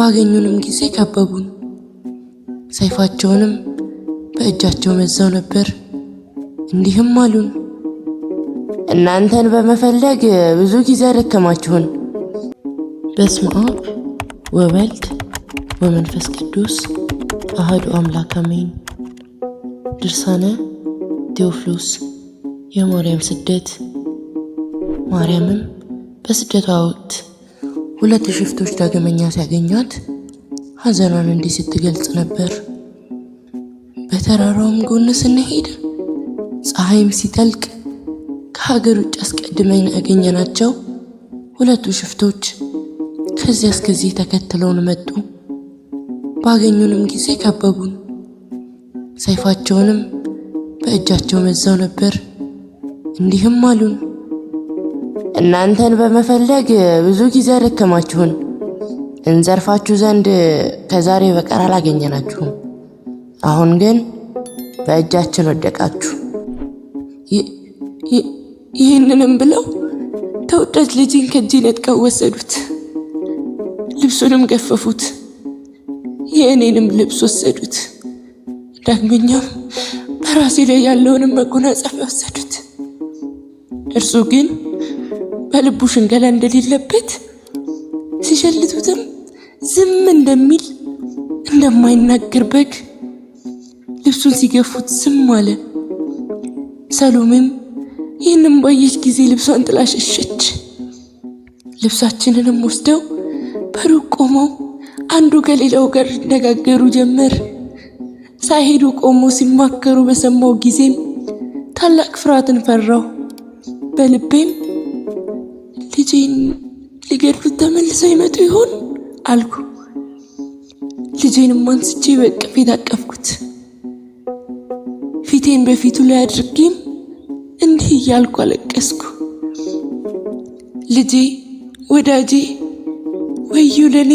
ባገኙንም ጊዜ ከበቡን። ሰይፋቸውንም በእጃቸው መዛው ነበር። እንዲህም አሉን፣ እናንተን በመፈለግ ብዙ ጊዜ አደከማችሁን። በስመ አብ ወወልድ ወመንፈስ ቅዱስ አህዱ አምላክ አሜን። ድርሳነ ቴዎፍሎስ የማርያም ስደት። ማርያምም በስደቷ ወቅት ሁለት ሽፍቶች ዳግመኛ ሲያገኟት ሀዘኗን እንዲህ ስትገልጽ ነበር። በተራራውም ጎን ስንሄድ ፀሐይም ሲጠልቅ ከሀገር ውጭ አስቀድመን ያገኘናቸው ሁለቱ ሽፍቶች ከዚያ እስከዚህ ተከትለውን መጡ። ባገኙንም ጊዜ ከበቡን። ሰይፋቸውንም በእጃቸው መዛው ነበር። እንዲህም አሉን እናንተን በመፈለግ ብዙ ጊዜ አደከማችሁን። እንዘርፋችሁ ዘንድ ከዛሬ በቀር አላገኘናችሁም። አሁን ግን በእጃችን ወደቃችሁ። ይህንንም ብለው ተወዳጅ ልጅን ከእጄ ነጥቀው ወሰዱት። ልብሱንም ገፈፉት፣ የእኔንም ልብስ ወሰዱት። ዳግመኛም በራሴ ላይ ያለውንም መጎናጸፊያ ወሰዱት። እርሱ ግን ከልቡ ሽንገላ እንደሌለበት ሲሸልቱትም ዝም እንደሚል እንደማይናገር በግ ልብሱን ሲገፉት ዝም አለ። ሰሎሜም ይህንም ባየች ጊዜ ልብሷን ጥላ ሸሸች። ልብሳችንንም ወስደው በሩቅ ቆመው አንዱ ከሌላው ጋር ይነጋገሩ ጀመር። ሳይሄዱ ቆመው ሲማከሩ በሰማው ጊዜም ታላቅ ፍርሃትን ፈራው በልቤም ልጄን ሊገድሉት ተመልሰው ይመጡ ይሆን አልኩ። ልጄንም አንስቼ በቅፌ ታቀፍኩት። ፊቴን በፊቱ ላይ አድርጌም እንዲህ እያልኩ አለቀስኩ። ልጄ ወዳጄ፣ ወዮ ለኔ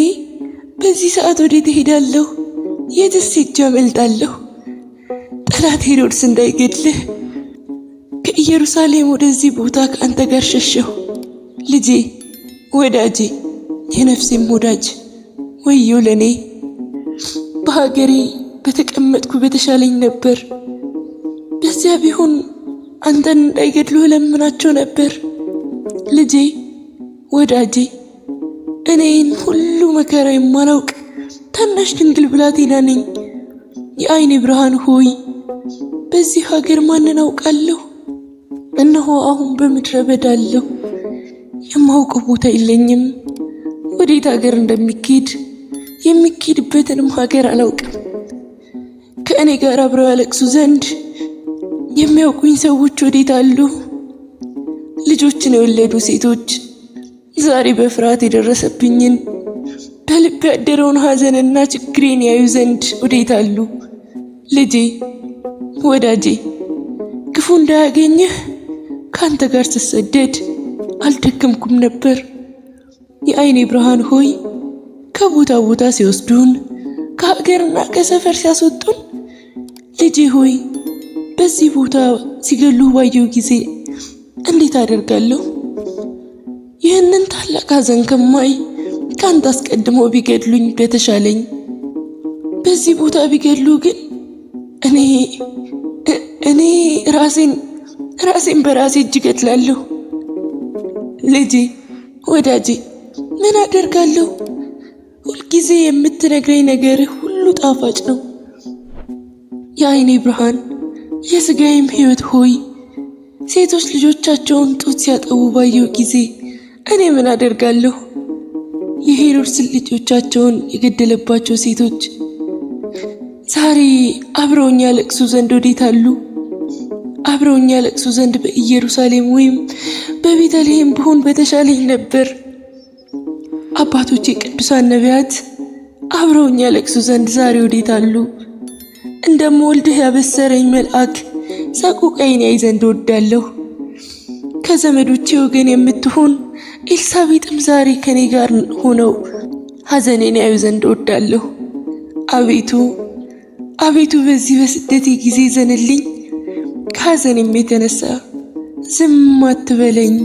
በዚህ ሰዓት ወዴት እሄዳለሁ? የትስ ሄጄ አመልጣለሁ? ጠላት ሄሮድስ እንዳይገድልህ ከኢየሩሳሌም ወደዚህ ቦታ ከአንተ ጋር ሸሸሁ። ልጄ ወዳጄ፣ የነፍሴም ወዳጅ ወዮ ለእኔ በሀገሬ በተቀመጥኩ በተሻለኝ ነበር። በዚያ ቢሆን አንተን እንዳይገድሉ እለምናቸው ነበር። ልጄ ወዳጄ፣ እኔን ሁሉ መከራ የማላውቅ ታናሽ ድንግል ብላቴና ነኝ። የአይኔ ብርሃን ሆይ በዚህ ሀገር ማንን አውቃለሁ? እነሆ አሁን በምድረ በዳ አለሁ። የማውቀው ቦታ የለኝም። ወዴት ሀገር እንደሚኬድ የሚኬድበትንም ሀገር አላውቅም። ከእኔ ጋር አብረው ያለቅሱ ዘንድ የሚያውቁኝ ሰዎች ወዴት አሉ? ልጆችን የወለዱ ሴቶች ዛሬ በፍርሃት የደረሰብኝን በልብ ያደረውን ሀዘንና ችግሬን ያዩ ዘንድ ወዴት አሉ? ልጄ ወዳጄ ክፉ እንዳያገኘህ ከአንተ ጋር ስሰደድ አልደከምኩም ነበር። የአይኔ ብርሃን ሆይ ከቦታ ቦታ ሲወስዱን፣ ከሀገርና ከሰፈር ሲያስወጡን፣ ልጄ ሆይ በዚህ ቦታ ሲገሉ ባየው ጊዜ እንዴት አደርጋለሁ? ይህንን ታላቅ ሀዘን ከማይ ከአንተ አስቀድመው ቢገድሉኝ በተሻለኝ። በዚህ ቦታ ቢገድሉ ግን እኔ እኔ ራሴን ራሴን በራሴ እጅ እገድላለሁ። ልጄ ወዳጄ ምን አደርጋለሁ? ሁልጊዜ የምትነግረኝ ነገር ሁሉ ጣፋጭ ነው። የአይኔ ብርሃን የስጋዬም ህይወት ሆይ ሴቶች ልጆቻቸውን ጡት ሲያጠቡ ባየው ጊዜ እኔ ምን አደርጋለሁ? የሄሮድስን ልጆቻቸውን የገደለባቸው ሴቶች ዛሬ አብረውኝ ያለቅሱ ዘንድ ወዴት አሉ? አብረውኝ ያለቅሱ ዘንድ በኢየሩሳሌም ወይም በቤተልሔም ብሆን በተሻለኝ ነበር። አባቶቼ ቅዱሳን ነቢያት አብረውኝ ያለቅሱ ዘንድ ዛሬ ወዴት አሉ? እንደምወልድህ ያበሰረኝ መልአክ ሰቆቃዬን ያይ ዘንድ ወዳለሁ ከዘመዶቼ ወገን የምትሆን ኤልሳቤጥም ዛሬ ከኔ ጋር ሆነው ሐዘኔን ያዩ ዘንድ ወዳለሁ አቤቱ አቤቱ በዚህ በስደቴ ጊዜ ዘንልኝ። ከሐዘንም የተነሳ ዝም አትበለኝ